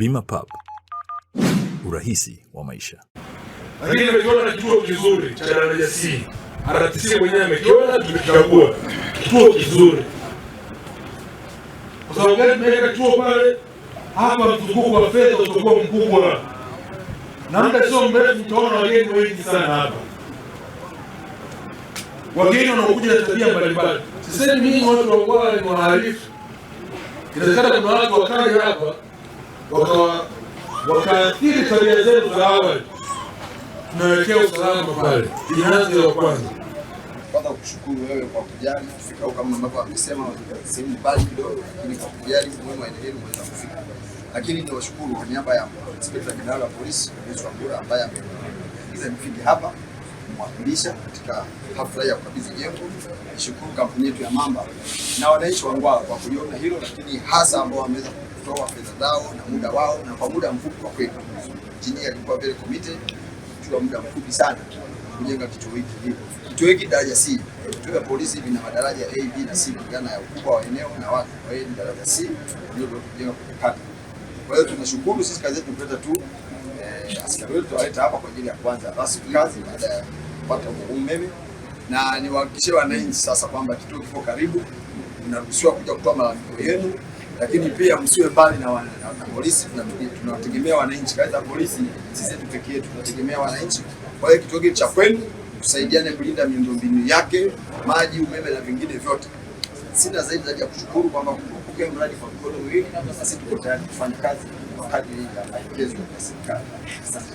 Bima Pub, urahisi wa maisha. Lakini nimekiona kituo kizuri cha daraja C, RTC mwenyewe amekiona, tumekikagua kituo kizuri. Kwa sababu gani tumeweka kituo pale? Hapa mzunguko wa fedha utakuwa mkubwa, na hata sio mrefu utaona wageni wengi sana hapa, wageni wanaokuja na tabia mbalimbali. Sisemi mimi watu wa kwale ni wahalifu, inawezekana kuna watu wakali hapa wakaathiri tabia zetu za awali, tunawekea usalama pale. Inaanza ya kwanza kwanza kushukuru wewe kwa kujali kufika kama ambavyo amesema sehemu mbali kidogo, lakini kwa kujali umuhimu kufika. Lakini kwa niaba ya Inspekta Jenerali wa Polisi ambaye nifike hapa kumwakilisha katika hafla ya kukabidhi jengo. Nishukuru kampuni yetu ya Mamba na wananchi wa Ngwala kwa kuliona hilo, lakini hasa ambao wameweza kutoa fedha zao na muda wao, na kwa muda mfupi kwa kweli injinia alikuwa very committed, kwa muda mfupi sana kujenga kituo hiki hivi. Kituo hiki daraja C, kituo vya polisi vina madaraja A, B na C kulingana na ukubwa wa eneo na watu. Kwa hiyo daraja C ndio ndio kujenga kwa kata. Kwa hiyo tunashukuru sisi kazi yetu kuleta tu eh, askari wetu tuwaleta hapa kwa ajili ya kwanza rasmi kazi baada ya kupata umeme, na niwahakikishie wananchi sasa kwamba kituo kiko karibu, mnaruhusiwa kuja kutoa malalamiko yenu lakini pia msiwe mbali na, na polisi. Tunawategemea wananchi, kazi polisi si zetu peke yetu, tunategemea wananchi. Kwa hiyo kituo cha kwenu tusaidiane kulinda miundombinu yake, maji, umeme na vingine vyote. Sina zaidi zaidi ya kushukuru kwamba kumbuke mradi kwa mikono miwili, na sisi tuko tayari kufanya kazi kwa kadri ya maelekezo ya serikali. Asante.